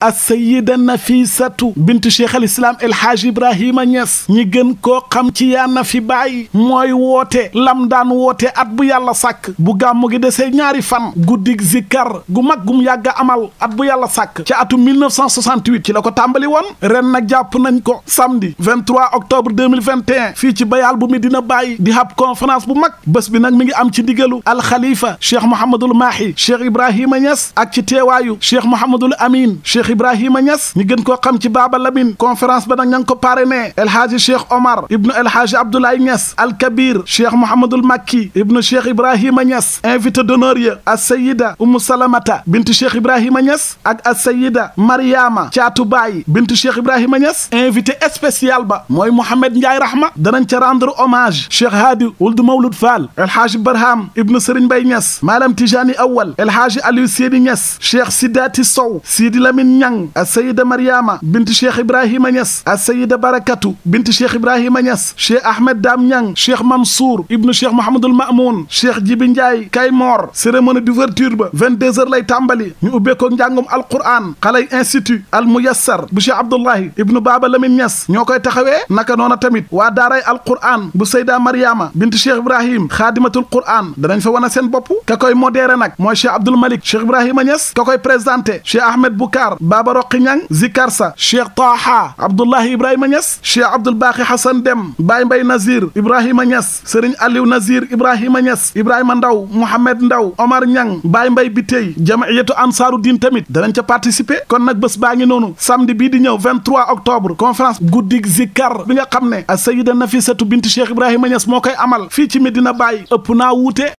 assayida nafisatu bintu cheikh al islam el haaj ibrahima ñes ñi gën koo xam ci yaa na fi bàyyi mooy woote lam daan woote at bu yàlla sàkk bu gàmmu gi desee ñaari fan guddig zikkar gu mag gum yàgg amal at bu yàlla sàkk ci atum 1968 ci la ko tàmbali woon ren nag jàpp nañ ko samedi 23 octobre 2021 fii ci bayaal bu Medina Baye di hab conférence bu mag bés bi nag mi ngi am ci digalu alxalifa cheikh mouhamadul maahi cheikh ibrahima ñes ak ci teewaayu cheikh mouhamadul amin cheikh Cheikh Ibrahima nias ñi gën ko xam ci baba Lamine conférence ba nak ñang ko parrainé El Hadji Cheikh Omar ibnu El Hadji Abdoulaye nias Al Kabir Cheikh Mouhamadul Makki ibnu Cheikh Ibrahima nias invité d'honneur ya as sayyida um Salamata bint Cheikh Ibrahima nias ak as sayyida Mariama Caatu Baay bint Cheikh Ibrahima nias invité spécial ba moy Mouhamed Ndiaye Rahma danañ ci rendre hommage Cheikh Hadi Wuld Mawlud Fall El Hadji Barham ibnu Serigne Mbaye nias Malam Tijani Awal El Hadji Aliou sidi nias Cheikh Sidati Sow Sidi Lamine نيانغ السيدة مريامة بنت شيخ إبراهيم نيس السيدة بركاتو بنت شيخ إبراهيم نيس شيخ أحمد دام نيانغ شيخ منصور ابن شيخ محمد المأمون شيخ جيبن جاي كاي مور سيرموني دوفرتير 22 لاي تامبالي ني اوبيكو نجانغوم القران قالاي انستيتو الميسر بشي عبد الله ابن بابا لامين نيس نيوكاي تاخاوي نكا نونا تاميت وا داراي القران بو سيدة مريامة بنت شيخ إبراهيم خادمة القران دا نان فا وانا سين بوبو كاكاي موديرا نك مو شيخ عبد الملك شيخ إبراهيم نيس كاكاي بريزانتي شيخ أحمد بوكار Baba Roqi Ñang Zikar Sa Cheikh Taha Abdoulahi Ibrahima Niass Cheikh Abdoul Baqi Hassan Dem Baye Mbaye Nazir Ibrahima Niass Serigne Aliou Nazir Ibrahima Niass Ibrahima Ndaw Mouhamed Ndaw Omar Ñang Baye Mbaye Bitey Jamaiyatu Ansaaru Diin tamit danañ ca participer kon nag bés baa ngi noonu samedi bii di ñëw 23 octobre conférence guddig Zikar bi nga xam ne Sayyida Nafisatu bint Cheikh Ibrahima Niass moo koy amal fii ci Medina Baye ëpp naa wuute